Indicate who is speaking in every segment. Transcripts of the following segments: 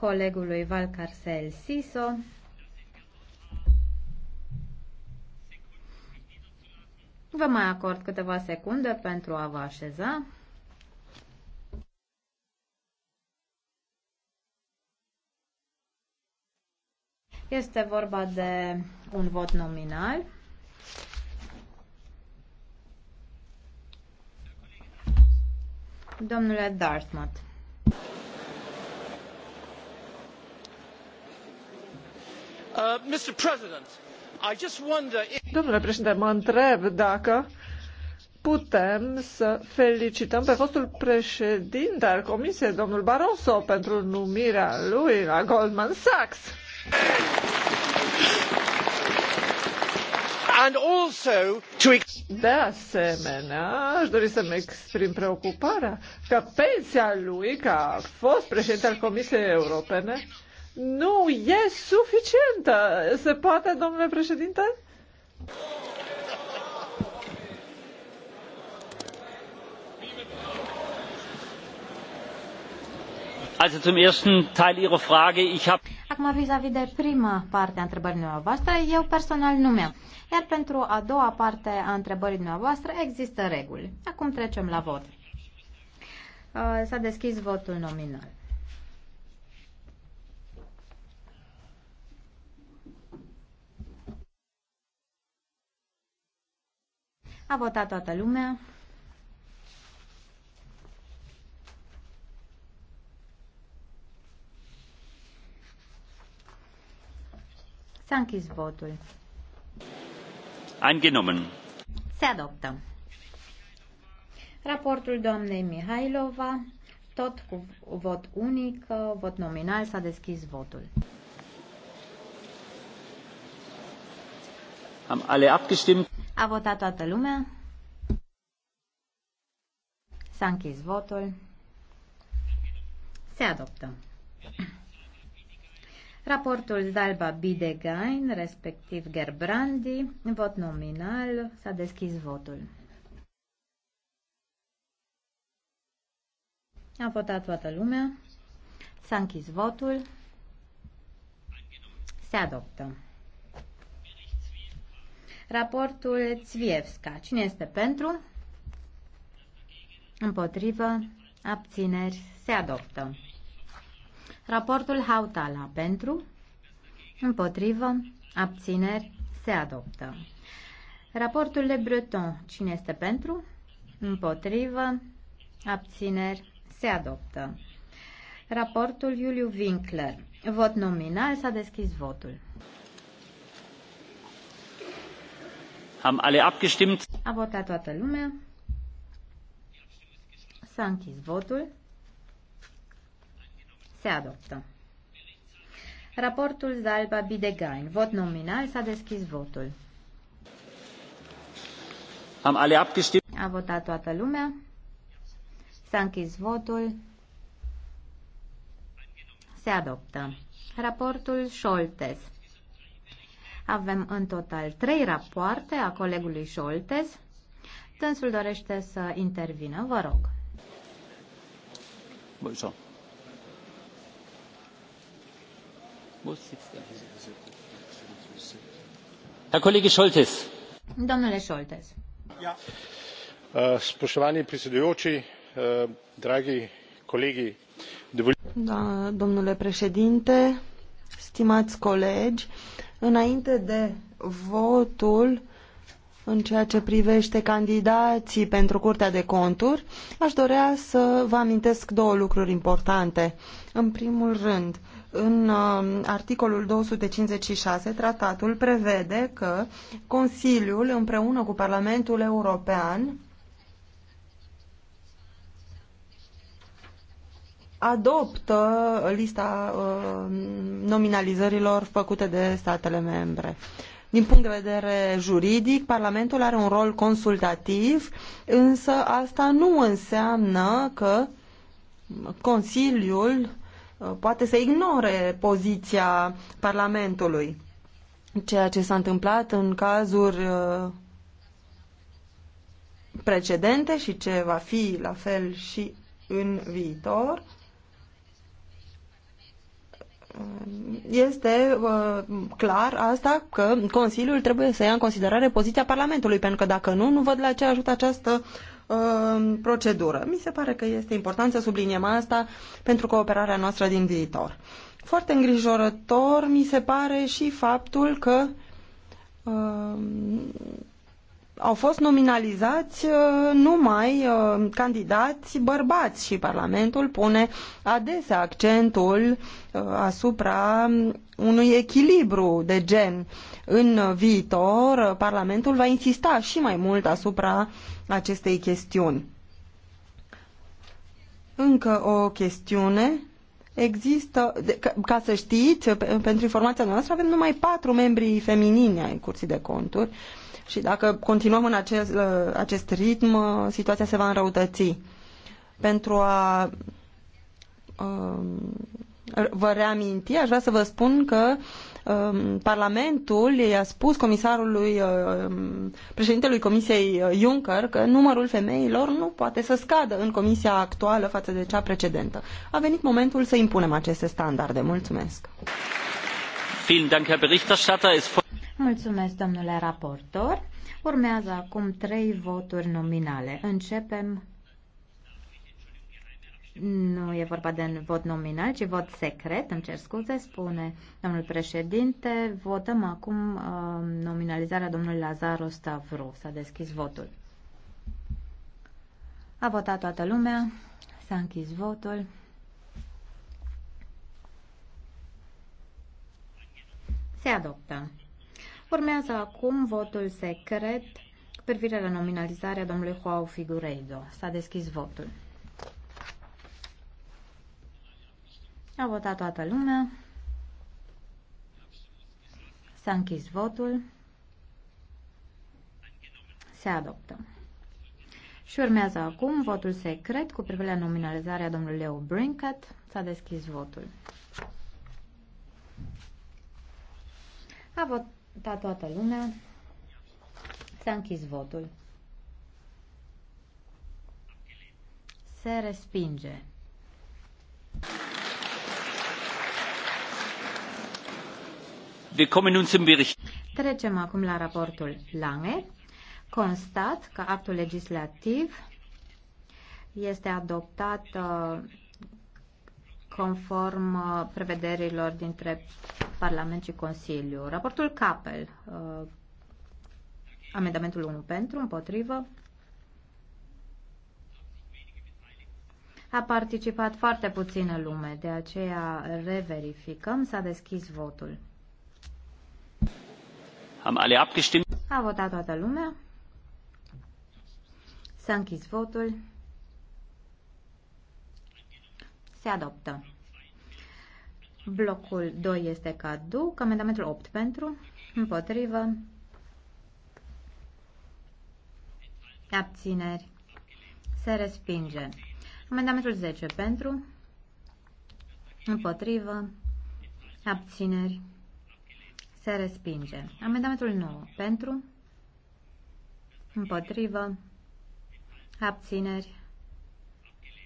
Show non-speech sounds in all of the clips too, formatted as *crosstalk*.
Speaker 1: colegului Valcarcel Siso. Vă mai acord câteva secunde pentru a vă așeza. Este vorba de un vot nominal. Domnule Dartmouth.
Speaker 2: Uh, Domnule președinte, mă întreb dacă putem să felicităm pe fostul președinte al Comisiei, domnul Barroso, pentru numirea lui la Goldman Sachs. And also to... De asemenea, aș dori să-mi exprim preocuparea că pensia lui, ca fost președinte al Comisiei Europene, nu e suficientă. Se poate, domnule președinte?
Speaker 3: Also zum ersten Teil Ihrer Frage, ich habe
Speaker 1: Acum, vis-a-vis -vis de prima parte a întrebării dumneavoastră, eu personal nu mi-am. Iar pentru a doua parte a întrebării dumneavoastră există reguli. Acum trecem la vot. Uh, s-a deschis votul nominal. A votat toată lumea. S-a închis votul.
Speaker 3: Angenommen.
Speaker 1: Se adoptă. Raportul doamnei Mihailova, tot cu vot unic, vot nominal, s-a deschis votul.
Speaker 3: Am alle abgestimmt.
Speaker 1: A votat toată lumea. S-a închis votul. Se adoptă. Raportul Zalba Bidegain, respectiv Gerbrandi, vot nominal, s-a deschis votul. A votat toată lumea. S-a închis votul. Se adoptă. Raportul Țvievska. Cine este pentru? Împotrivă. Abțineri. Se adoptă. Raportul Hautala. Pentru? Împotrivă. Abțineri. Se adoptă. Raportul Le Breton. Cine este pentru? Împotrivă. Abțineri. Se adoptă. Raportul Iuliu Winkler. Vot nominal. S-a deschis votul.
Speaker 3: Haben alle abgestimmt?
Speaker 1: A votat toată lumea. S-a închis votul. Se adoptă. Raportul Zalba Bidegain. Vot nominal. S-a deschis votul.
Speaker 3: Am alle abgestimmt.
Speaker 1: A votat toată lumea. S-a închis votul. Se adoptă. Raportul Scholtes. Avem în total trei rapoarte a colegului Scholtes. Tânsul dorește să intervină. Vă rog. Scholtes. Da. domnule scholtes eh, spoštovani predsedujoči eh, dragi kolegi da,
Speaker 4: domnule președinte stimați colegi Înainte de votul în ceea ce privește candidații pentru Curtea de Conturi, aș dorea să vă amintesc două lucruri importante. În primul rând, în uh, articolul 256, tratatul prevede că Consiliul, împreună cu Parlamentul European, adoptă lista uh, nominalizărilor făcute de statele membre. Din punct de vedere juridic, Parlamentul are un rol consultativ, însă asta nu înseamnă că Consiliul uh, poate să ignore poziția Parlamentului. Ceea ce s-a întâmplat în cazuri uh, precedente și ce va fi la fel și în viitor este uh, clar asta că Consiliul trebuie să ia în considerare poziția Parlamentului, pentru că dacă nu, nu văd la ce ajută această uh, procedură. Mi se pare că este important să subliniem asta pentru cooperarea noastră din viitor. Foarte îngrijorător mi se pare și faptul că uh, au fost nominalizați uh, numai uh, candidați bărbați și Parlamentul pune adesea accentul uh, asupra unui echilibru de gen. În viitor, Parlamentul va insista și mai mult asupra acestei chestiuni. Încă o chestiune. Există, ca să știți, pentru informația noastră, avem numai patru membri feminini ai Curții de Conturi. Uh, și dacă continuăm în acest, ă, acest ritm, ă, situația se va înrăutăți. Pentru a ă, vă reaminti, aș vrea să vă spun că Parlamentul i-a spus comisarului, președintelui Comisiei Juncker că numărul femeilor nu poate să scadă în comisia actuală față de cea precedentă. A venit momentul să impunem
Speaker 1: aceste standarde. Mulțumesc!
Speaker 3: Vielen Dank, Herr Berichterstatter.
Speaker 1: Mulțumesc, domnule raportor. Urmează acum trei voturi nominale. Începem. Nu e vorba de vot nominal, ci vot secret, îmi cer scuze, spune domnul președinte. Votăm acum uh, nominalizarea domnului Lazaro Stavru. S-a deschis votul. A votat toată lumea, s-a închis votul. Se adoptă. Urmează acum votul secret cu privire la nominalizarea domnului Joao Figueiredo. S-a deschis votul. A votat toată lumea. S-a închis votul. Se adoptă. Și urmează acum votul secret cu privire la nominalizarea domnului Leo Brinkett. S-a deschis votul. A votat da toată lumea. S-a închis votul. Se respinge. Trecem acum la raportul Lange. Constat că actul legislativ este adoptat uh, conform uh, prevederilor dintre Parlament și Consiliu. Raportul Capel, uh, amendamentul 1 pentru, împotrivă. A participat foarte puțină lume, de aceea reverificăm, s-a deschis votul.
Speaker 3: Am ale abgestimt.
Speaker 1: A votat toată lumea. S-a închis votul. Se adoptă. Blocul 2 este caduc. Amendamentul 8 pentru, împotrivă, abțineri, se respinge. Amendamentul 10 pentru, împotrivă, abțineri, se respinge. Amendamentul 9 pentru, împotrivă, abțineri,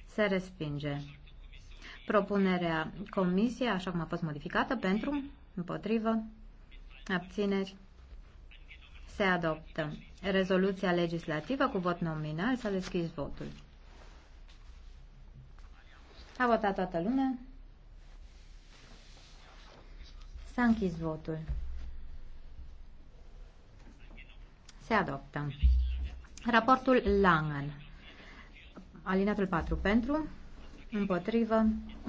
Speaker 1: se respinge. Propunerea comisiei, așa cum a fost modificată, pentru, împotrivă, abțineri, se adoptă. Rezoluția legislativă cu vot nominal s-a deschis votul. A votat toată lumea. S-a închis votul. Se adoptă. Raportul Langen. Alinatul 4 pentru, împotrivă,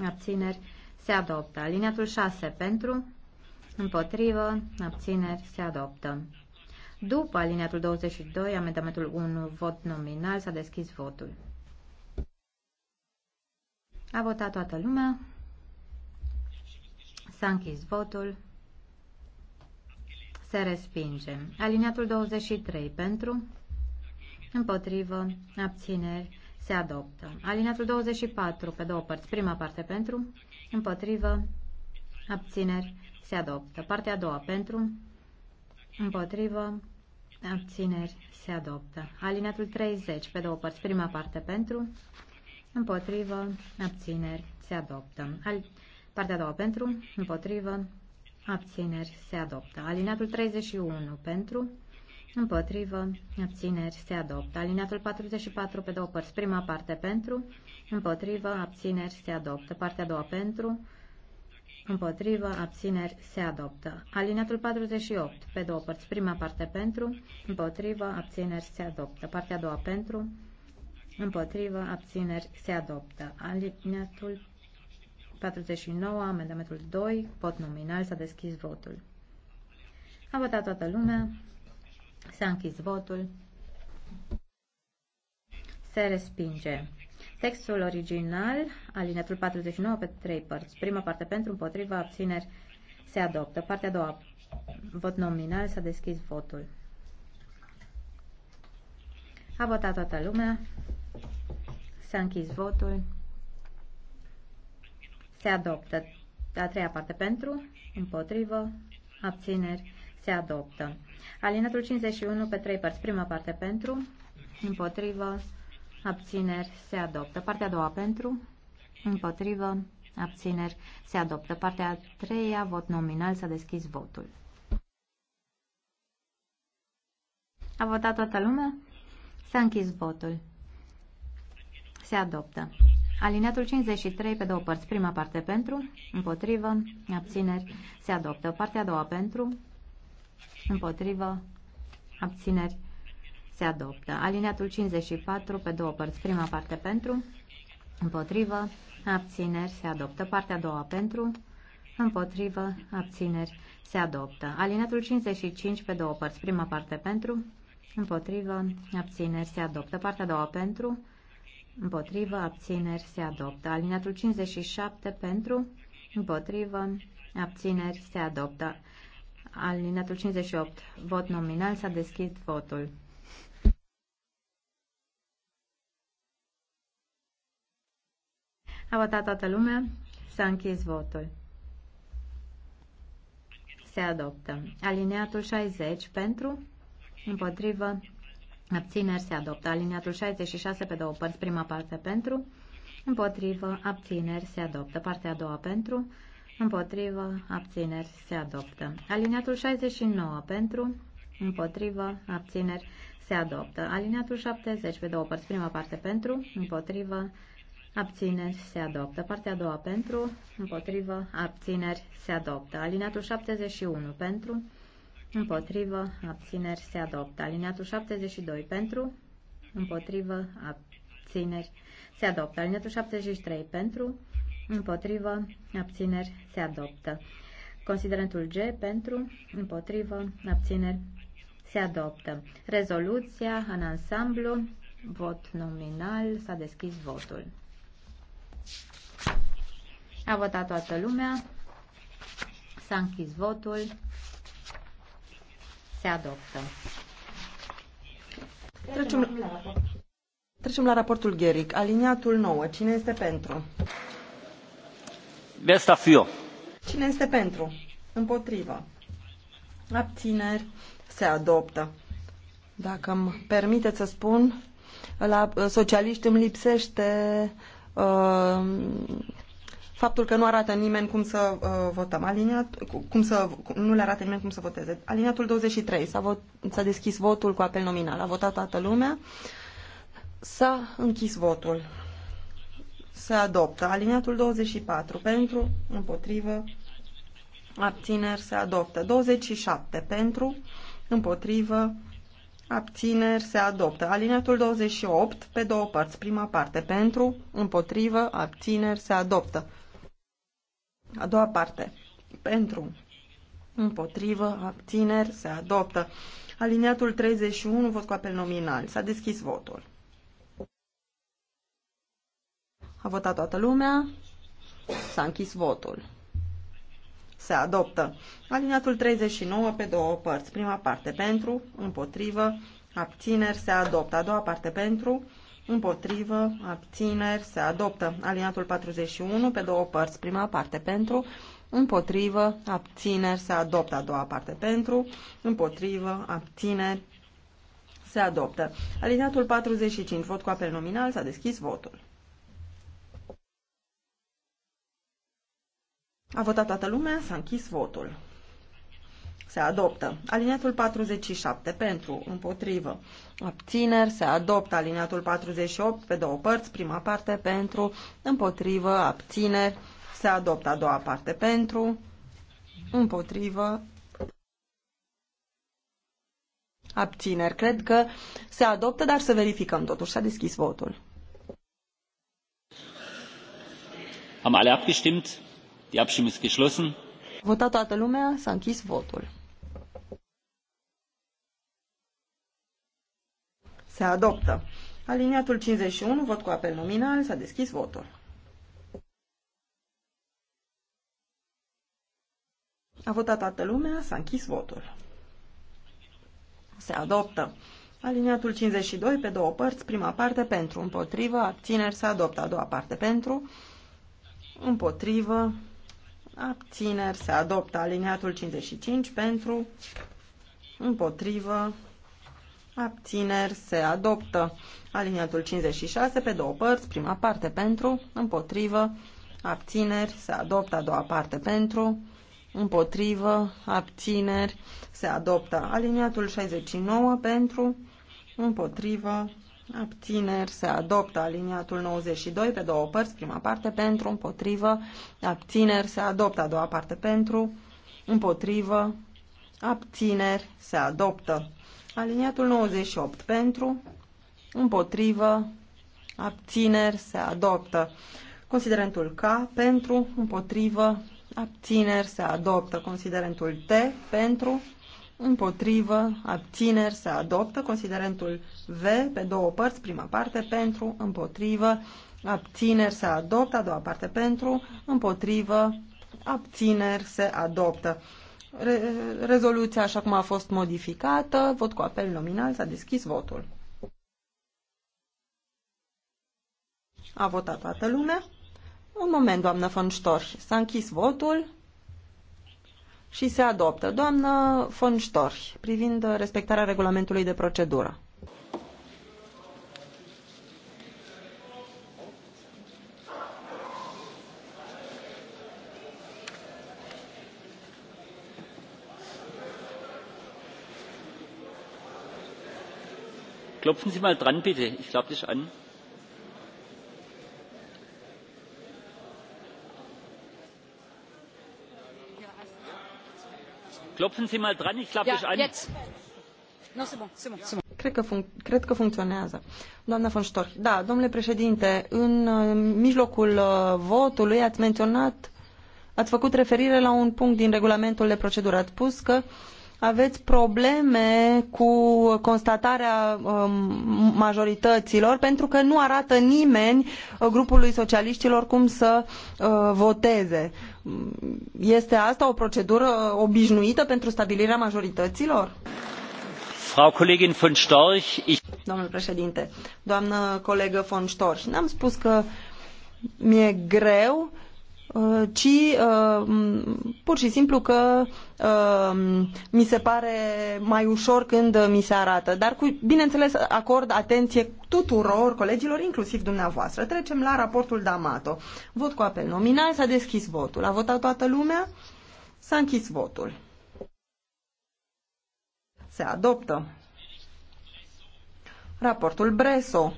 Speaker 1: abțineri, se adoptă. Aliniatul 6 pentru, împotrivă, abțineri, se adoptă. După aliniatul 22, amendamentul 1, vot nominal, s-a deschis votul. A votat toată lumea. S-a închis votul. Se respinge. Aliniatul 23 pentru, împotrivă, abțineri, se adoptă. Alineatul 24, pe două părți. Prima parte pentru, împotrivă, abțineri, se adoptă. Partea a doua pentru, împotrivă, abțineri, se adoptă. Alineatul 30, pe două părți. Prima parte pentru, împotrivă, abțineri, se adoptă. Al partea a doua pentru, împotrivă, abțineri, se adoptă. Alineatul 31, pentru, Împotrivă. Abțineri. Se adoptă. Alineatul 44 pe două părți. Prima parte pentru. Împotrivă. Abțineri. Se adoptă. Partea a doua pentru. Împotrivă. Abțineri. Se adoptă. Alineatul 48 pe două părți. Prima parte pentru. Împotrivă. Abțineri. Se adoptă. Partea a doua pentru. Împotrivă. Abțineri. Se adoptă. Alineatul 49, amendamentul 2, pot nominal, s-a deschis votul. A votat toată lumea. S-a închis votul. Se respinge. Textul original, alineatul 49 pe trei părți. Prima parte pentru, împotriva, abțineri, se adoptă. Partea a doua, vot nominal, s-a deschis votul. A votat toată lumea. S-a închis votul. Se adoptă a treia parte pentru, împotrivă, abțineri, se adoptă. Alinatul 51 pe 3 părți. Prima parte pentru, împotrivă, abțineri, se adoptă. Partea a doua pentru, împotrivă, abțineri, se adoptă. Partea a treia, vot nominal, s-a deschis votul. A votat toată lumea? S-a închis votul. Se adoptă. Alineatul 53 pe două părți. Prima parte pentru, împotrivă, abțineri, se adoptă. Partea a doua pentru, împotrivă, abțineri, se adoptă. Alineatul 54 pe două părți. Prima parte pentru, împotrivă, abțineri, se adoptă. Partea a doua pentru, împotrivă, abțineri, se adoptă. Alineatul 55 pe două părți. Prima parte pentru, împotrivă, abțineri, se adoptă. Partea a doua pentru, împotrivă, abțineri, se adoptă. Alineatul 57 pentru, împotrivă, abțineri, se adoptă. Alinatul 58. Vot nominal. S-a deschis votul. A votat toată lumea. S-a închis votul. Se adoptă. Alineatul 60 pentru, împotrivă, abțineri se adoptă. Alineatul 66 pe două părți, prima parte pentru, împotrivă, abțineri se adoptă. Partea a doua pentru, Împotrivă, abțineri, se adoptă. Aliniatul 69 pentru, împotrivă, abțineri, se adoptă. Aliniatul 70 pe două părți, prima parte pentru, împotrivă, abțineri, se adoptă. Partea a doua pentru, împotrivă, abțineri, se adoptă. Aliniatul 71 pentru, împotrivă, abțineri, se adoptă. Aliniatul 72 pentru, împotrivă, abțineri, se adoptă. Aliniatul 73 pentru, împotrivă, abțineri, se adoptă. Considerentul G pentru, împotrivă, abțineri, se adoptă. Rezoluția în ansamblu, vot nominal, s-a deschis votul. A votat toată lumea, s-a închis votul, se adoptă. Trecem la, trecem la
Speaker 4: raportul Gheric. Aliniatul 9. Cine este pentru?
Speaker 3: Wer ist dafür?
Speaker 4: Cine este pentru? Împotrivă. Abțineri. Se adoptă. Dacă îmi permiteți să spun, la uh, socialiști îmi lipsește uh, faptul că nu arată nimeni cum să uh, votăm. Aliniat, cum să, nu le arată nimeni cum să voteze. Aliniatul 23. S-a, vot, s-a deschis votul cu apel nominal. A votat toată lumea. S-a închis votul se adoptă. Aliniatul 24 pentru, împotrivă, abțineri se adoptă. 27 pentru, împotrivă, abțineri se adoptă. Aliniatul 28 pe două părți. Prima parte pentru, împotrivă, abțineri se adoptă. A doua parte pentru, împotrivă, abțineri se adoptă. Aliniatul 31, vot cu apel nominal. S-a deschis votul. A votat toată lumea. S-a închis votul. Se adoptă. Alineatul 39 pe două părți. Prima parte pentru, împotrivă, abțineri, se adoptă. A doua parte pentru, împotrivă, abțineri, se adoptă. Alineatul 41 pe două părți. Prima parte pentru, împotrivă, abțineri, se adoptă. A doua parte pentru, împotrivă, abțineri, se adoptă. Alineatul 45, vot cu apel nominal, s-a deschis votul. A votat toată lumea, s-a închis votul. Se adoptă. Aliniatul 47 pentru, împotrivă. Abțineri, se adoptă. Aliniatul 48 pe două părți, prima parte pentru, împotrivă, abțineri, se adoptă. A doua parte pentru, împotrivă, abțineri. Cred că se adoptă, dar să verificăm totuși. S-a deschis votul.
Speaker 3: Am alea abgestimt?
Speaker 4: Votat toată lumea, s-a închis votul. Se adoptă. Aliniatul 51, vot cu apel nominal, s-a deschis votul. A votat toată lumea, s-a închis votul. Se adoptă. Aliniatul 52 pe două părți, prima parte pentru, împotrivă, abțineri, se adoptă a doua parte pentru, împotrivă, abțineri, se adoptă aliniatul 55 pentru, împotrivă, abțineri, se adoptă aliniatul 56 pe două părți, prima parte pentru, împotrivă, abțineri, se adoptă a doua parte pentru, împotrivă, abțineri, se adoptă aliniatul 69 pentru, împotrivă, Abțineri se adoptă aliniatul 92 pe două părți, prima parte pentru, împotrivă. Abțineri se adoptă a doua parte pentru, împotrivă. Abțineri se adoptă. Aliniatul 98 pentru, împotrivă. Abțineri se adoptă. Considerentul K pentru, împotrivă. Abțineri se adoptă. Considerentul T pentru, împotrivă, abțineri, se adoptă. Considerentul V, pe două părți, prima parte, pentru, împotrivă, abțineri, se adoptă. A doua parte, pentru, împotrivă, abțineri, se adoptă. Re rezoluția așa cum a fost modificată, vot cu apel nominal, s-a deschis votul. A votat toată lumea? Un moment, doamnă Fănștor. S-a închis votul și se adoptă. Doamnă von Storch, privind respectarea regulamentului de procedură.
Speaker 3: Klopfen Sie mal dran, bitte. Ich glaube, das ist an.
Speaker 4: Cred că, că funcționează. Doamna von Storch, da, domnule președinte, în mijlocul uh, votului ați menționat, ați făcut referire la un punct din regulamentul de procedură. Ați spus că aveți probleme cu constatarea um, majorităților pentru că nu arată nimeni uh, grupului socialiștilor cum să uh, voteze. Este asta o procedură obișnuită pentru stabilirea majorităților?
Speaker 3: Frau Kollegin von Storch, ich...
Speaker 4: Domnul președinte, doamnă colegă von Storch, n-am spus că mi-e greu Uh, ci uh, pur și simplu că uh, mi se pare mai ușor când mi se arată. Dar, cu, bineînțeles, acord atenție tuturor colegilor, inclusiv dumneavoastră. Trecem la raportul D'Amato. Vot cu apel nominal, s-a deschis votul. A votat toată lumea? S-a închis votul. Se adoptă. Raportul Breso.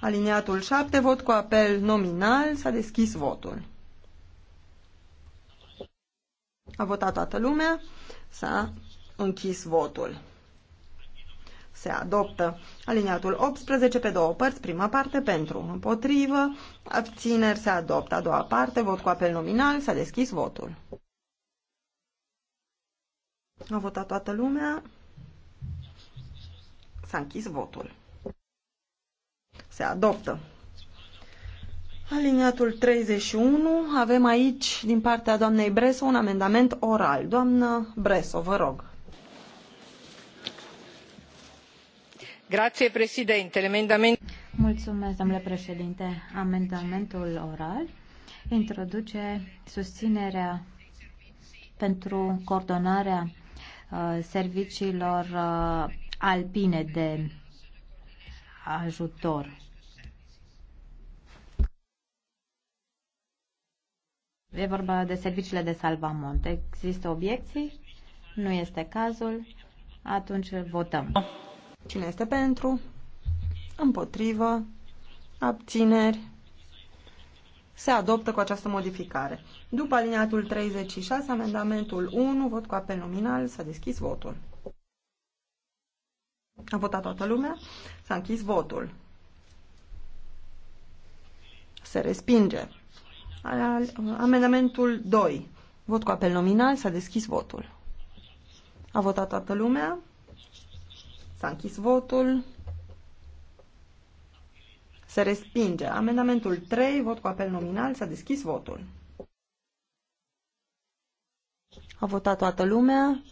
Speaker 4: Aliniatul 7, vot cu apel nominal, s-a deschis votul. A votat toată lumea, s-a închis votul. Se adoptă aliniatul 18 pe două părți, prima parte pentru, împotrivă, abțineri se adoptă, a doua parte, vot cu apel nominal, s-a deschis votul. A votat toată lumea, s-a închis votul. Se adoptă Aliniatul 31, avem aici din partea doamnei Breso un amendament oral. Doamnă Breso, vă rog.
Speaker 1: Grazie, Amendament... Mulțumesc, domnule președinte. Amendamentul oral introduce susținerea pentru coordonarea uh, serviciilor uh, alpine de ajutor E vorba de serviciile de salvamont. Există obiecții? Nu este cazul. Atunci votăm. Cine este pentru? Împotrivă?
Speaker 4: Abțineri? Se adoptă cu această modificare. După aliniatul 36, amendamentul 1, vot cu apel nominal, s-a deschis votul. A votat toată lumea, s-a închis votul. Se respinge. Amendamentul 2. Vot cu apel nominal. S-a deschis votul. A votat toată lumea. S-a închis votul. Se respinge. Amendamentul 3. Vot cu apel nominal. S-a deschis votul. A votat toată lumea.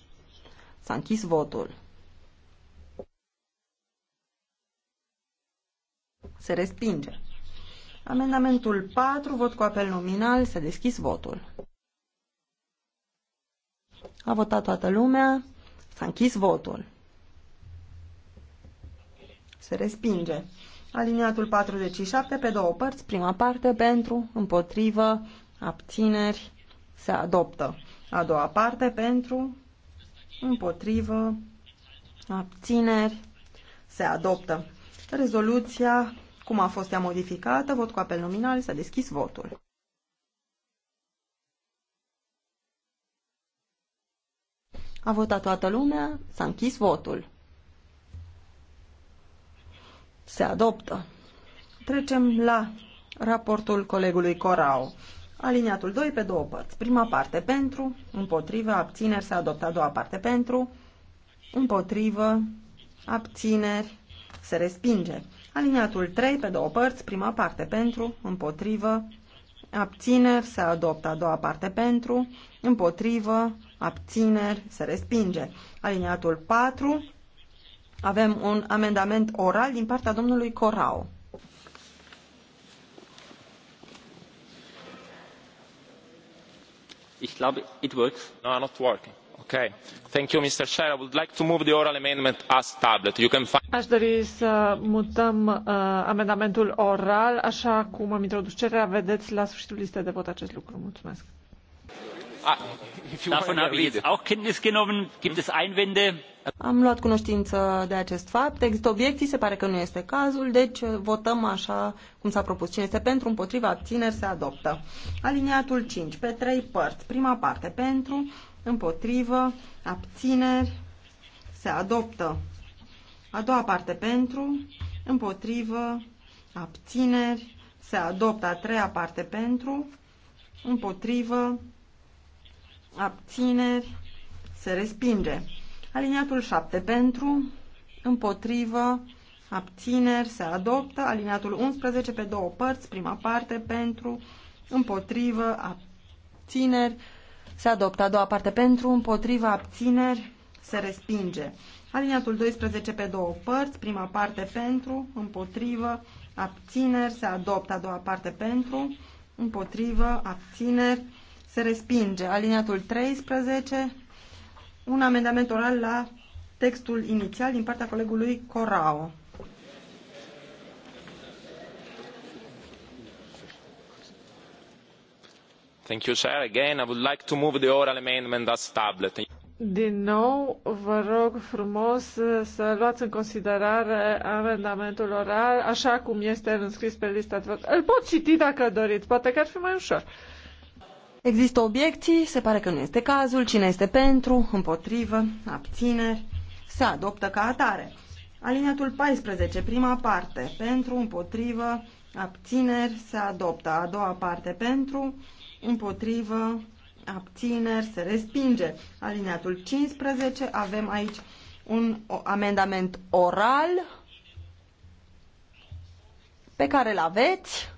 Speaker 4: S-a închis votul. Se respinge. Amendamentul 4, vot cu apel nominal, s-a deschis votul. A votat toată lumea, s-a închis votul. Se respinge. Aliniatul 47 pe două părți, prima parte pentru, împotrivă, abțineri, se adoptă. A doua parte pentru, împotrivă, abțineri, se adoptă. Rezoluția cum a fost ea modificată, vot cu apel nominal, s-a deschis votul. A votat toată lumea, s-a închis votul. Se adoptă. Trecem la raportul colegului Corau. Aliniatul 2 pe două părți. Prima parte pentru, împotrivă, abțineri, se adoptă a doua parte pentru, împotrivă, abțineri, se respinge. Aliniatul 3 pe două părți, prima parte pentru, împotrivă, abțineri, se adoptă a doua parte pentru, împotrivă, abțineri, se respinge. Aliniatul 4, avem un amendament oral din partea domnului Corao.
Speaker 3: Ich glaube, it works. No, not working.
Speaker 2: Aș dori să mutăm uh, amendamentul oral, așa cum am introdus cererea. Vedeți la sfârșitul listei de vot acest lucru. Mulțumesc. Ah, am luat
Speaker 4: cunoștință de acest fapt. Există obiecții, se pare că nu este cazul, deci votăm așa cum s-a propus. Cine este pentru, împotriva, abțineri, se adoptă. Aliniatul 5, pe trei părți. Prima parte pentru, împotrivă, abțineri, se adoptă. A doua parte pentru, împotrivă, abțineri, se adoptă. A treia parte pentru, împotrivă, abțineri, se respinge. Aliniatul 7 pentru, împotrivă, abțineri, se adoptă. Aliniatul 11 pe două părți, prima parte pentru, împotrivă, abțineri, se adoptă a doua parte pentru, împotriva, abțineri, se respinge. Aliniatul 12 pe două părți, prima parte pentru, împotrivă, abțineri, se adoptă a doua parte pentru, împotrivă, abțineri, se respinge. Aliniatul 13, un amendament oral la textul inițial din partea colegului Corao.
Speaker 3: Thank you, Chair. Again, I would like to move the oral amendment as tablet.
Speaker 2: Din nou, vă rog frumos uh, să luați în considerare amendamentul oral, așa cum este înscris pe lista de vot. Îl pot citi dacă doriți, poate că ar fi mai ușor. Există obiecții?
Speaker 4: Se pare că nu este cazul. Cine este pentru? Împotrivă? Abțineri? Se adoptă ca atare. Alineatul 14, prima parte. Pentru, împotrivă, abțineri, se adoptă. A doua parte pentru, împotrivă, abțineri, se respinge. Alineatul 15, avem aici un amendament oral pe care îl
Speaker 2: aveți.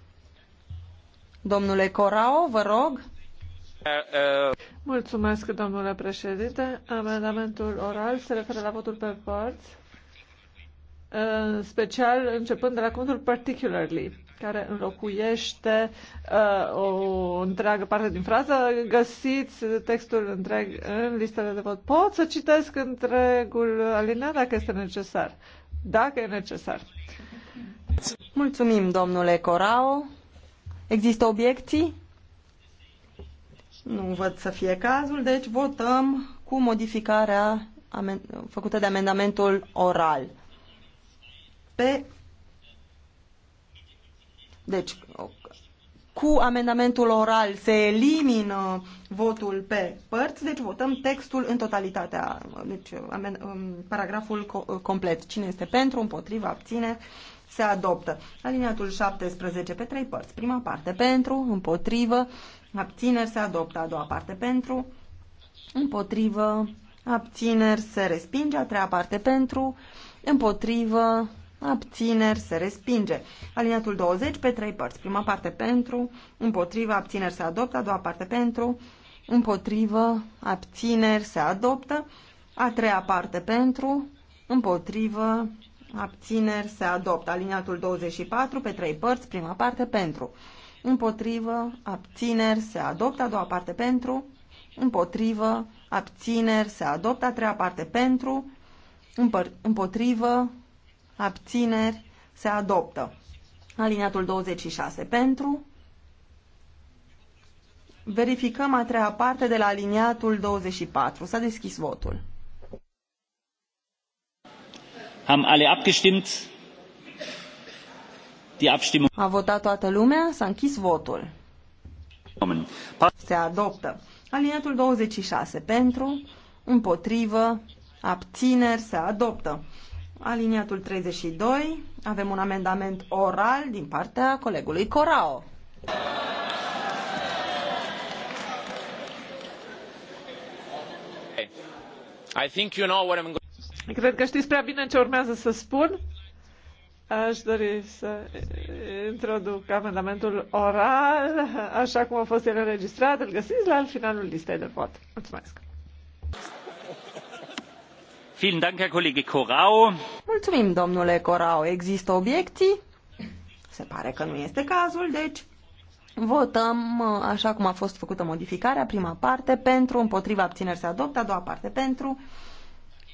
Speaker 2: Domnule Corao, vă rog. Mulțumesc, domnule președinte. Amendamentul oral se referă la votul pe părți, special începând de la contul particularly care înlocuiește uh, o întreagă parte din frază. Găsiți textul întreg în listele de vot. Pot să citesc întregul alinea dacă este necesar. Dacă e necesar. Mulțumim, domnule
Speaker 4: Corao. Există obiecții? Nu văd să fie cazul, deci votăm cu modificarea făcută de amendamentul oral. Pe deci, cu amendamentul oral se elimină votul pe părți, deci votăm textul în totalitatea, deci um, paragraful uh, complet. Cine este pentru, împotriva, abține, se adoptă. Aliniatul 17 pe trei părți. Prima parte pentru, împotrivă, abțineri se adoptă. A doua parte pentru, împotrivă, abțineri se respinge. A treia parte pentru, împotrivă, abțineri, se respinge. Aliniatul 20 pe trei părți. Prima parte pentru, împotriva, abțineri, se adoptă. A doua parte pentru, împotrivă, abțineri, se adoptă. A treia parte pentru, împotrivă, abțineri, se adoptă. Aliniatul 24 pe trei părți. Prima parte pentru, împotrivă, abțineri, se adoptă. A doua parte pentru, împotrivă, abțineri, se adoptă. A treia parte pentru, împotrivă, abțineri, se adoptă. Aliniatul 26 pentru. Verificăm a treia parte de la aliniatul 24. S-a deschis votul.
Speaker 3: Am alle abgestimmt? Die Abstimmung.
Speaker 4: A votat toată lumea, s-a închis votul. Se adoptă. Aliniatul 26 pentru, împotrivă, abțineri, se adoptă. Aliniatul 32, avem un amendament oral din partea colegului Corao.
Speaker 3: I think you know what I'm going...
Speaker 2: Cred că știți prea bine ce urmează să spun. Aș dori să introduc amendamentul oral, așa cum a fost el înregistrat. Îl găsiți la finalul listei de vot. Mulțumesc.
Speaker 4: Mulțumim, domnule Corao. Există obiecții? Se pare că nu este cazul, deci votăm așa cum a fost făcută modificarea, prima parte pentru, împotriva abțineri se adoptă, a doua parte pentru,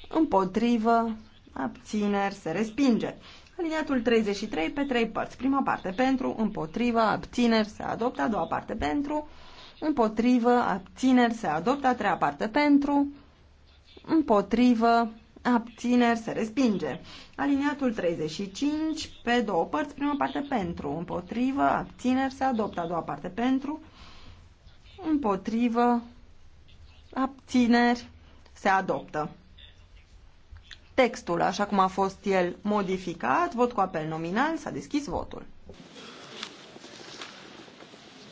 Speaker 4: împotrivă abțineri se respinge. Aliniatul 33 pe trei părți. Prima parte pentru, împotrivă, abțineri se adoptă, a doua parte pentru, împotrivă, abțineri se adoptă, a treia parte pentru, împotrivă, abțineri, se respinge. Aliniatul 35, pe două părți, prima parte pentru, împotrivă, abțineri, se adoptă a doua parte pentru, împotrivă, abțineri, se adoptă. Textul, așa cum a fost el modificat, vot cu apel nominal, s-a deschis votul.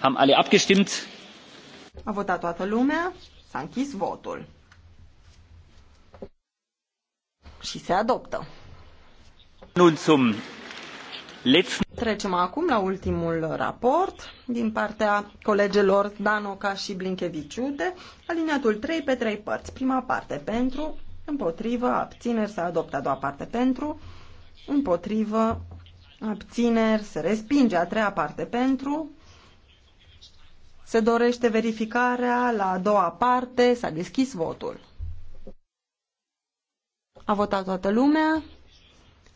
Speaker 3: Am alle abgestimmt?
Speaker 4: A votat toată lumea,
Speaker 3: s-a închis votul.
Speaker 4: și se adoptă. Trecem acum la ultimul raport din partea colegelor Danoca și Blinkeviciude, aliniatul 3 pe 3 părți. Prima parte pentru, împotrivă, abțineri, se adoptă a doua parte pentru, împotrivă, abțineri, se respinge a treia parte pentru, se dorește verificarea la a doua parte, s-a deschis votul. A votat toată lumea.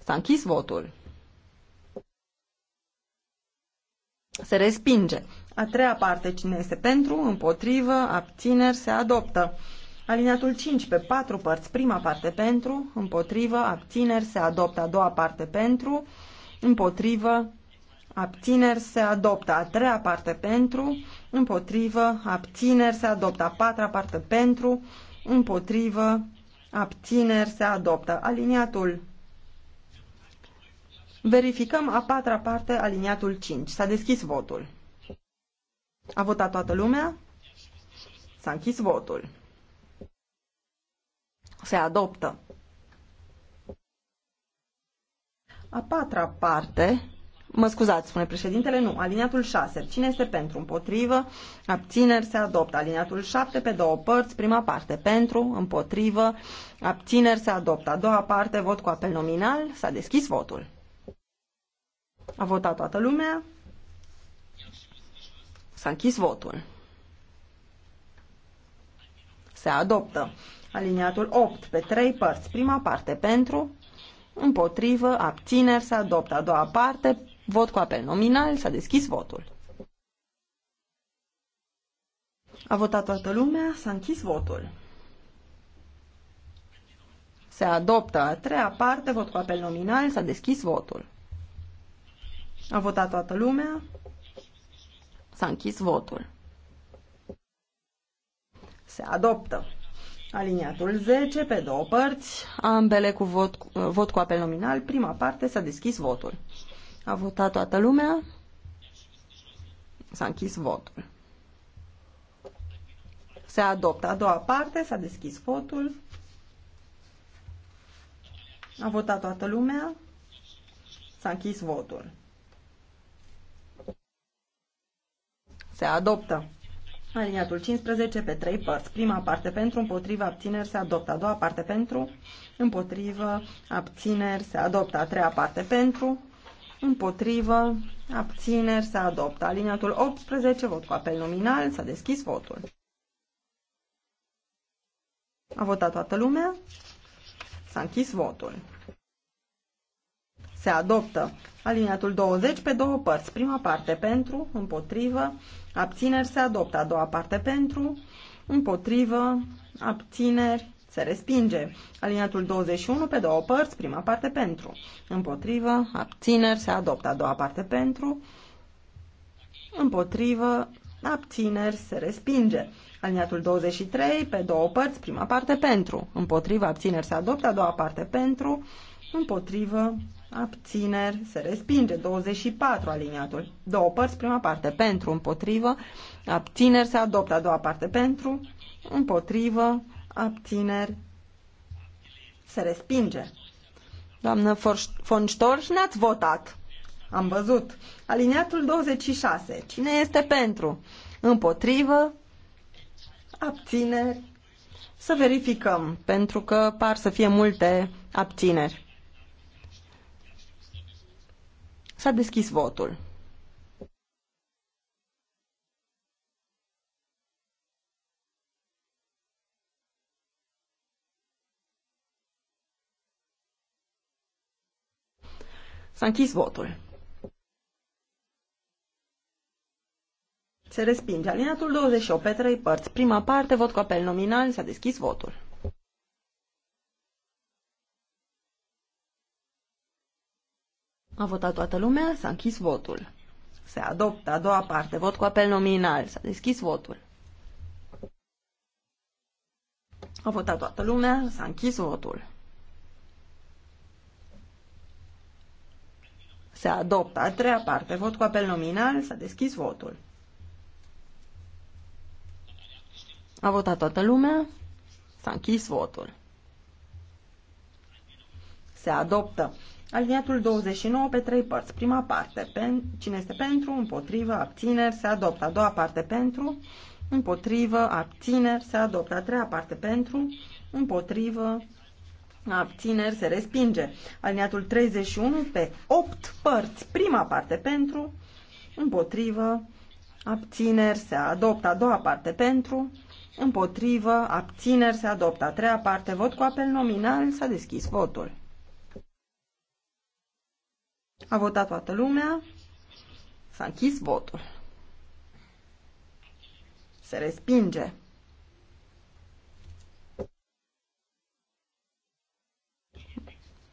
Speaker 4: S-a închis votul. Se respinge. A treia parte, cine este pentru, împotrivă, abțineri, se adoptă. Alineatul 5 pe patru părți, prima parte pentru, împotrivă, abțineri, se adoptă. A doua parte pentru, împotrivă, abțineri, se adoptă. A treia parte pentru, împotrivă, abțineri, se adoptă. A patra parte pentru, împotrivă, abțineri se adoptă. Aliniatul. Verificăm a patra parte, aliniatul 5. S-a deschis votul. A votat toată lumea? S-a închis votul. Se adoptă. A patra parte, Mă scuzați, spune președintele, nu. Aliniatul 6. Cine este pentru? Împotrivă. Abțineri se adoptă. Aliniatul 7 pe două părți. Prima parte pentru, împotrivă. Abțineri se adoptă. A doua parte, vot cu apel nominal. S-a deschis votul. A votat toată lumea. S-a închis votul. Se adoptă. Aliniatul 8 pe trei părți. Prima parte pentru, împotrivă, abțineri, se adoptă a doua parte Vot cu apel nominal. S-a deschis votul. A votat toată lumea. S-a închis votul. Se adoptă a treia parte. Vot cu apel nominal. S-a deschis votul. A votat toată lumea. S-a închis votul. Se adoptă. Aliniatul 10 pe două părți, ambele cu vot, vot cu apel nominal. Prima parte s-a deschis votul. A votat toată lumea. S-a închis votul. Se adoptă a doua parte, s-a deschis votul. A votat toată lumea. S-a închis votul. Se adoptă. Aliniatul 15 pe 3 părți. Prima parte pentru, împotriva, abțineri, se adoptă. A doua parte pentru, împotrivă, abțineri, se adoptă. A treia parte pentru, împotrivă, abțineri, se adoptă. Aliniatul 18, vot cu apel nominal, s-a deschis votul. A votat toată lumea, s-a închis votul. Se adoptă aliniatul 20 pe două părți. Prima parte pentru, împotrivă, abțineri se adoptă. A doua parte pentru, împotrivă, abțineri se respinge. Aliniatul 21 pe două părți, prima parte pentru. Împotrivă, abțineri, se adoptă a doua parte pentru. Împotrivă, abțineri, se respinge. Aliniatul 23 pe două părți, prima parte pentru. Împotrivă, abțineri, se adoptă a doua parte pentru. Împotrivă, abțineri, se respinge. 24 aliniatul, două părți, prima parte pentru. Împotrivă, abțineri, se adoptă a doua parte pentru. Împotrivă, abțineri, se respinge. Doamnă von Storch, n ați votat. Am văzut. Aliniatul 26. Cine este pentru? Împotrivă? Abțineri? Să verificăm, pentru că par să fie multe abțineri. S-a deschis votul. S-a închis votul. Se respinge. Alineatul 28 pe trei părți. Prima parte, vot cu apel nominal, s-a deschis votul. A votat toată lumea, s-a închis votul. Se adoptă a doua parte, vot cu apel nominal, s-a deschis votul. A votat toată lumea, s-a închis votul. Se adoptă. A treia parte. Vot cu apel nominal. S-a deschis votul. A votat toată lumea. S-a închis votul. Se adoptă. Aliniatul 29 pe trei părți. Prima parte, pen, cine este pentru, împotrivă, abțineri, se adoptă. A doua parte pentru, împotrivă, abțineri, se adoptă. A treia parte pentru, împotrivă, abțineri se respinge. Aliniatul 31 pe 8 părți. Prima parte pentru, împotrivă, abțineri se adoptă. A doua parte pentru, împotrivă, abțineri se adoptă. A treia parte, vot cu apel nominal, s-a deschis votul. A votat toată lumea, s-a închis votul. Se respinge.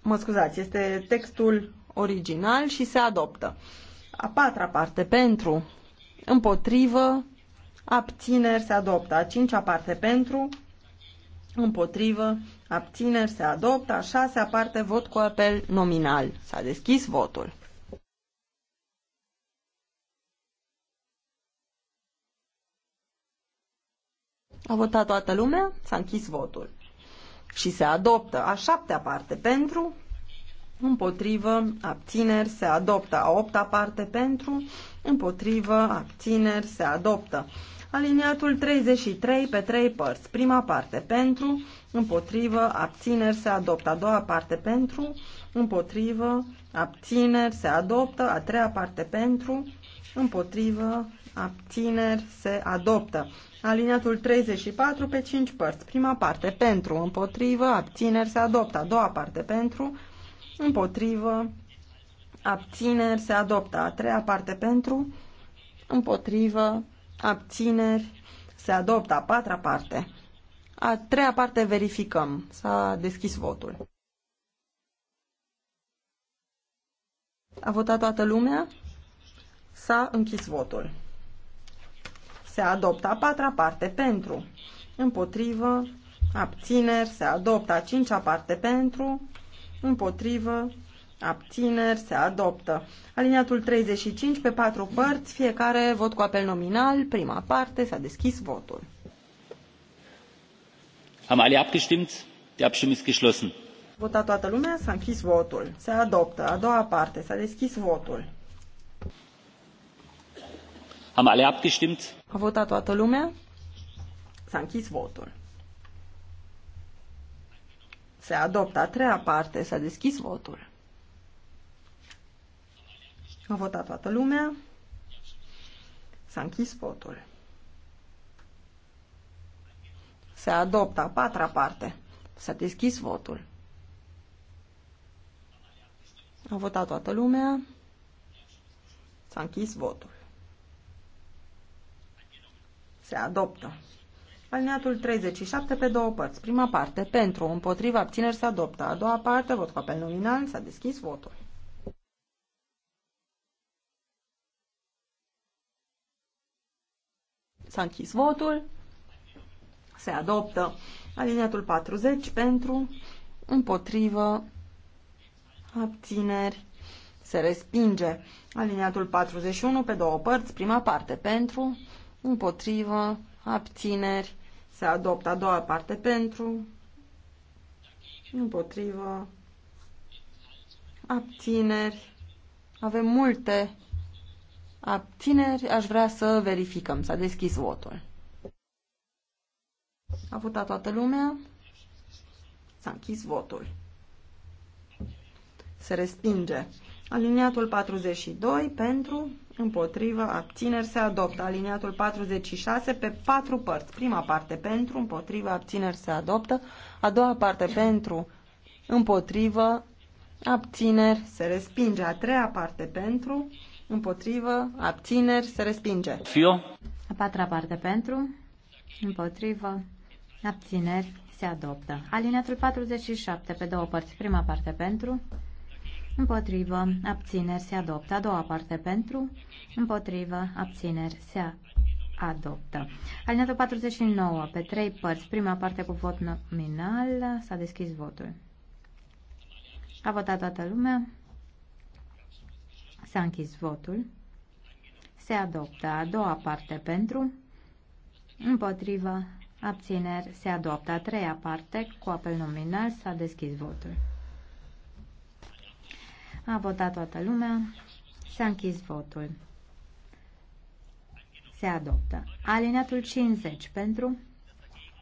Speaker 4: mă scuzați, este textul original și se adoptă. A patra parte, pentru, împotrivă, abțineri se adoptă. A cincea parte, pentru, împotrivă, abțineri se adoptă. A șasea parte, vot cu apel nominal. S-a deschis votul. A votat toată lumea, s-a închis votul și se adoptă. A șaptea parte pentru, împotrivă, abțineri, se adoptă. A opta parte pentru, împotrivă, abțineri, se adoptă. Aliniatul 33 pe 3 părți. Prima parte pentru, împotrivă, abțineri, se adoptă. A doua parte pentru, împotrivă, abțineri, se adoptă. A treia parte pentru, împotrivă, abțineri, se adoptă. Aliniatul 34 pe 5 părți. Prima parte pentru, împotrivă, abțineri se adoptă. A doua parte pentru, împotrivă, abțineri se adoptă. A treia parte pentru, împotrivă, abțineri se adoptă. A patra parte. A treia parte verificăm. S-a deschis votul. A votat toată lumea? S-a închis votul se adoptă. A patra parte pentru, împotrivă, abțineri, se adoptă. A cincea parte pentru, împotrivă, abțineri, se adoptă. Aliniatul 35 pe patru părți, fiecare vot cu apel nominal, prima parte, s-a deschis votul.
Speaker 3: Am alle abgestimmt? Die Abstimmung ist geschlossen.
Speaker 4: Votat toată lumea, s-a închis votul. Se adoptă. A doua parte, s-a deschis votul.
Speaker 3: Am alle abgestimmt? A votat toată lumea?
Speaker 4: S-a închis votul. Se adoptă a treia parte, s-a deschis votul. A votat toată lumea. S-a închis votul. Se adoptă a patra parte. S-a deschis votul. A votat toată lumea. S-a închis votul. Se adoptă. Alineatul 37 pe două părți. Prima parte, pentru, împotriva, abțineri, se adoptă. A doua parte, vot cu apel nominal, s-a deschis votul. S-a închis votul. Se adoptă. Alineatul 40 pentru, împotrivă, abțineri, se respinge. Alineatul 41 pe două părți, prima parte, pentru, împotrivă, abțineri, se adoptă a doua parte pentru, împotrivă, abțineri. Avem multe abțineri. Aș vrea să verificăm. S-a deschis votul. A votat toată lumea. S-a închis votul. Se respinge. Aliniatul 42 pentru împotrivă, abțineri, se adoptă. Aliniatul 46 pe patru părți. Prima parte pentru, împotrivă, abțineri, se adoptă. A doua parte pentru, împotrivă, abțineri, se respinge. A treia parte pentru, împotrivă,
Speaker 1: abțineri, se respinge. Fiu. A patra parte pentru, împotrivă, abțineri, se adoptă. Aliniatul 47 pe două părți. Prima parte pentru, împotrivă, abțineri se adoptă. A doua parte pentru, împotrivă, abțineri se adoptă. Alineatul 49, pe trei părți, prima parte cu vot nominal, s-a deschis votul. A votat toată lumea, s-a închis votul, se adoptă a doua parte pentru, împotrivă, abțineri, se adoptă a treia parte cu apel nominal, s-a deschis votul. A votat toată lumea. S-a închis votul. Se adoptă. Alineatul 50 pentru.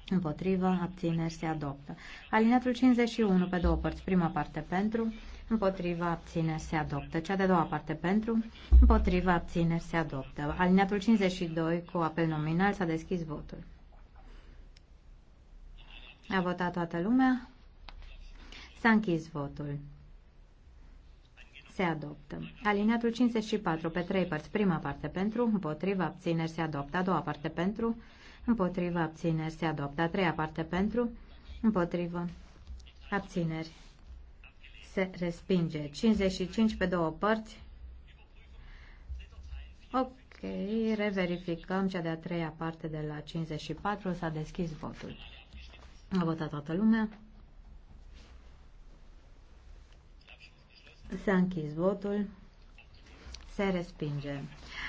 Speaker 1: Împotrivă, abțineri, se adoptă. Alineatul 51 pe două părți. Prima parte pentru. împotrivă, abțineri se adoptă. Cea de-a doua parte pentru. împotrivă, abțineri se adoptă. Alineatul 52 cu apel nominal s-a deschis votul. A votat toată lumea. S-a închis votul se adoptă. Alineatul 54 pe trei părți. Prima parte pentru, împotriva, abțineri se adoptă. A doua parte pentru, împotriva, abțineri se adoptă. A treia parte pentru, împotriva, abțineri se respinge. 55 pe două părți. Ok, reverificăm cea de-a treia parte de la 54. S-a deschis votul. A votat toată lumea. S-a închis votul. Se respinge.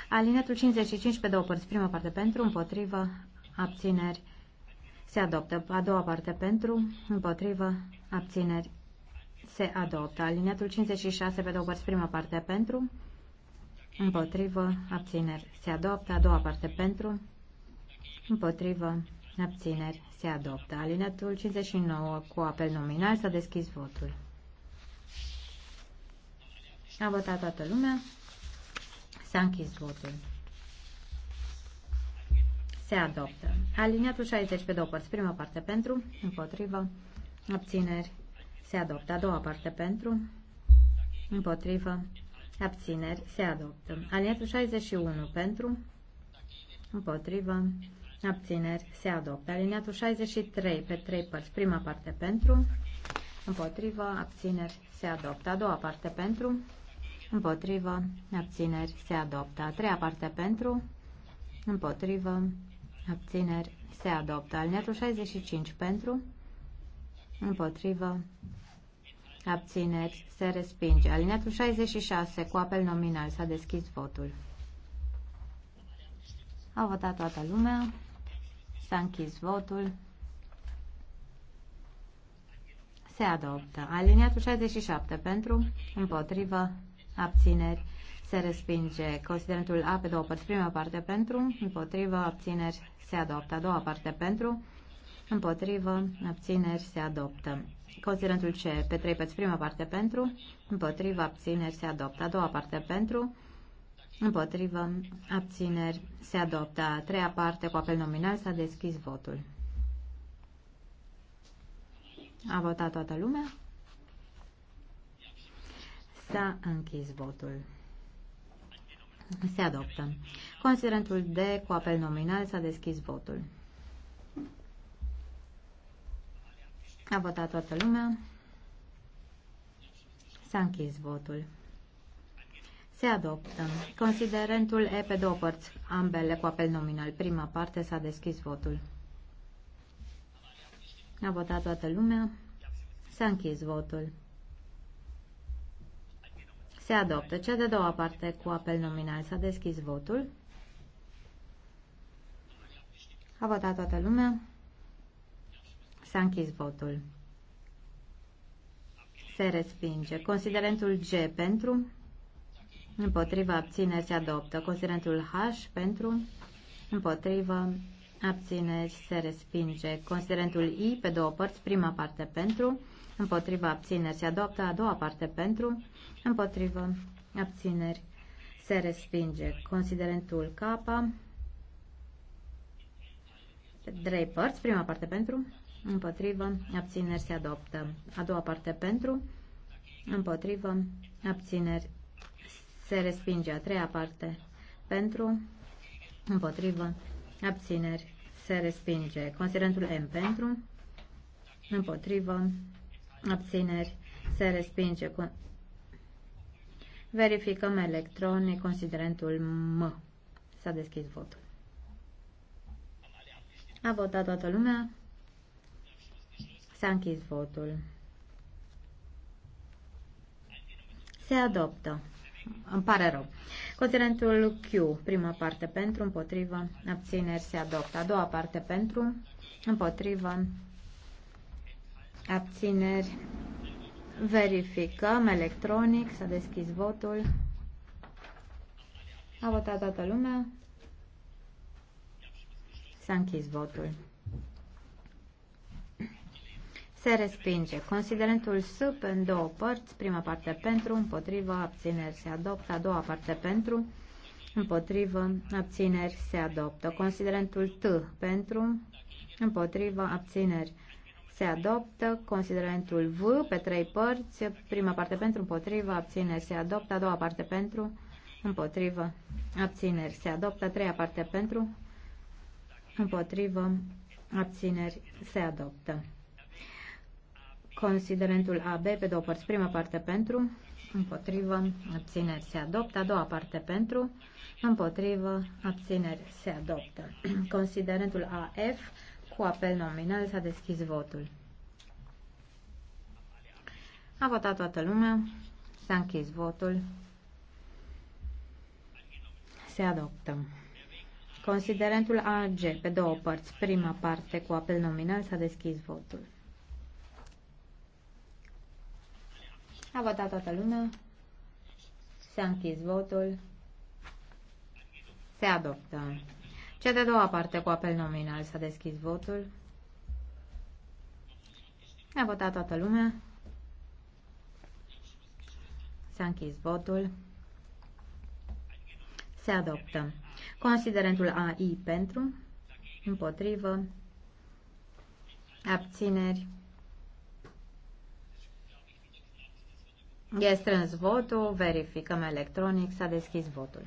Speaker 1: Alinetul 55 pe două părți. Prima parte pentru, împotrivă, abțineri. Se adoptă. A doua parte pentru, împotrivă, abțineri. Se adoptă. Alinetul 56 pe două părți. Prima parte pentru, împotrivă, abțineri. Se adoptă. A doua parte pentru, împotrivă, abțineri. Se adoptă. Alinetul 59 cu apel nominal. S-a deschis votul. A votat toată lumea. S-a închis votul. Se adoptă. Aliniatul 60 pe două părți. Prima parte pentru, împotrivă, abțineri. Se adoptă. A doua parte pentru, împotrivă, abțineri. Se adoptă. Aliniatul 61 pentru, împotrivă, abțineri. Se adoptă. Aliniatul 63 pe trei părți. Prima parte pentru, împotrivă, abțineri. Se adoptă. A doua parte pentru, împotrivă, abțineri, se adoptă. A treia parte pentru, împotrivă, abțineri, se adoptă. Alineatul 65 pentru, împotrivă, abțineri, se respinge. Alineatul 66 cu apel nominal s-a deschis votul. A votat toată lumea, s-a închis votul. Se adoptă. Aliniatul 67 pentru, împotrivă, abțineri, se respinge. Considerentul A pe două părți, prima parte pentru, împotrivă, abțineri, se adoptă. A doua parte pentru, împotrivă, abțineri, se adoptă. Considerentul C pe trei părți, prima parte pentru, împotrivă, abțineri, se adoptă. A doua parte pentru, împotrivă, abțineri, se adoptă. A treia parte cu apel nominal s-a deschis votul. A votat toată lumea? S-a închis votul. Se adoptă. Considerentul D cu apel nominal s-a deschis votul. A votat toată lumea. S-a închis votul. Se adoptă. Considerentul E pe două părți, ambele cu apel nominal. Prima parte s-a deschis votul. A votat toată lumea. S-a închis votul. Se adoptă. Cea de-a doua parte cu apel nominal. S-a deschis votul. A votat toată lumea. S-a închis votul. Se respinge. Considerentul G pentru. Împotriva abține se adoptă. Considerentul H pentru. Împotriva abține se respinge. Considerentul I pe două părți. Prima parte pentru împotriva abțineri. Se adoptă a doua parte pentru, împotriva abțineri. Se respinge. Considerentul K. Trei părți. Prima parte pentru, împotriva abțineri. Se adoptă. A doua parte pentru, împotriva abțineri. Se respinge. A treia parte pentru, împotriva abțineri se respinge. Considerentul M pentru, împotrivă, abțineri, se respinge cu... Verificăm electronic considerentul M. S-a deschis votul. A votat toată lumea. S-a închis votul. Se adoptă. Îmi pare rău. Considerentul Q, prima parte pentru, împotrivă, abțineri se adoptă. A doua parte pentru, împotrivă, abțineri. Verificăm electronic, s-a deschis votul. A votat toată lumea. S-a închis votul. Se respinge. Considerentul sub în două părți, prima parte pentru, împotrivă, abțineri se adoptă, a doua parte pentru, împotrivă, abțineri se adoptă. Considerentul T pentru, împotrivă, abțineri se se adoptă. Considerentul V pe trei părți. Prima parte pentru, împotrivă, abțineri se adoptă. A doua parte pentru, împotrivă, abțineri se adoptă. A treia parte pentru, împotrivă, abțineri se adoptă. Considerentul AB pe două părți. Prima parte pentru, împotrivă, abțineri se adoptă. A doua parte pentru, împotrivă, abțineri se adoptă. *clears throat* Considerentul AF cu apel nominal s-a deschis votul. A votat toată lumea. S-a închis votul. Se adoptă. Considerentul AG pe două părți. Prima parte cu apel nominal s-a deschis votul. A votat toată lumea. S-a închis votul. Se adoptă. Cea de-a doua parte cu apel nominal s-a deschis votul. A votat toată lumea. S-a închis votul. Se adoptă. Considerentul AI pentru, împotrivă, abțineri. E strâns votul, verificăm electronic, s-a deschis votul.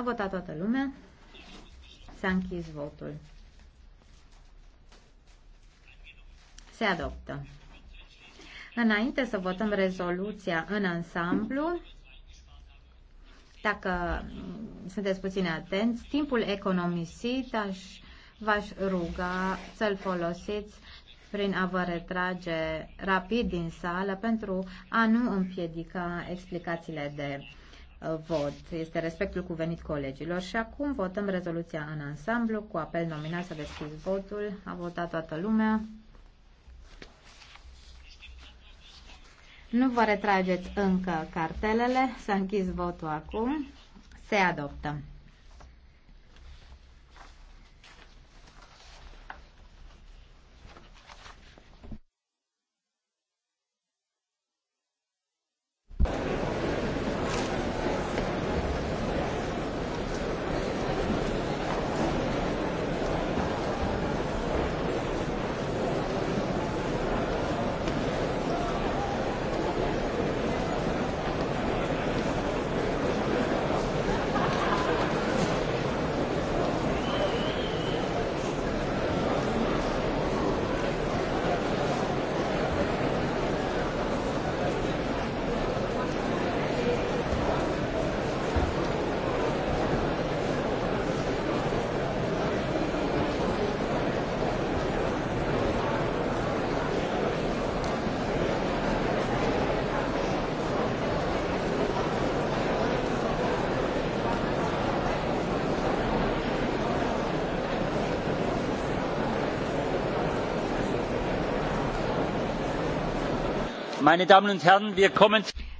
Speaker 1: A votat toată lumea. S-a închis votul. Se adoptă. Înainte să votăm rezoluția în ansamblu, dacă sunteți puțin atenți, timpul economisit aș, v-aș ruga să-l folosiți prin a vă retrage rapid din sală pentru a nu împiedica explicațiile de Uh, vot. Este respectul cuvenit colegilor. Și acum votăm rezoluția în ansamblu cu apel nominal să deschizi votul. A votat toată lumea. Nu vă retrageți încă cartelele. S-a închis votul acum. Se adoptă.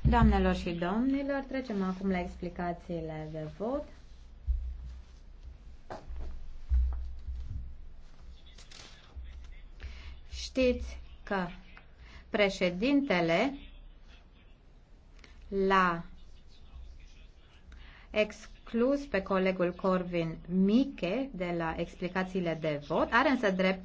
Speaker 1: Doamnelor și domnilor, trecem acum la explicațiile de vot. Știți că președintele l-a exclus pe colegul Corvin Miche de la explicațiile de vot, are însă drept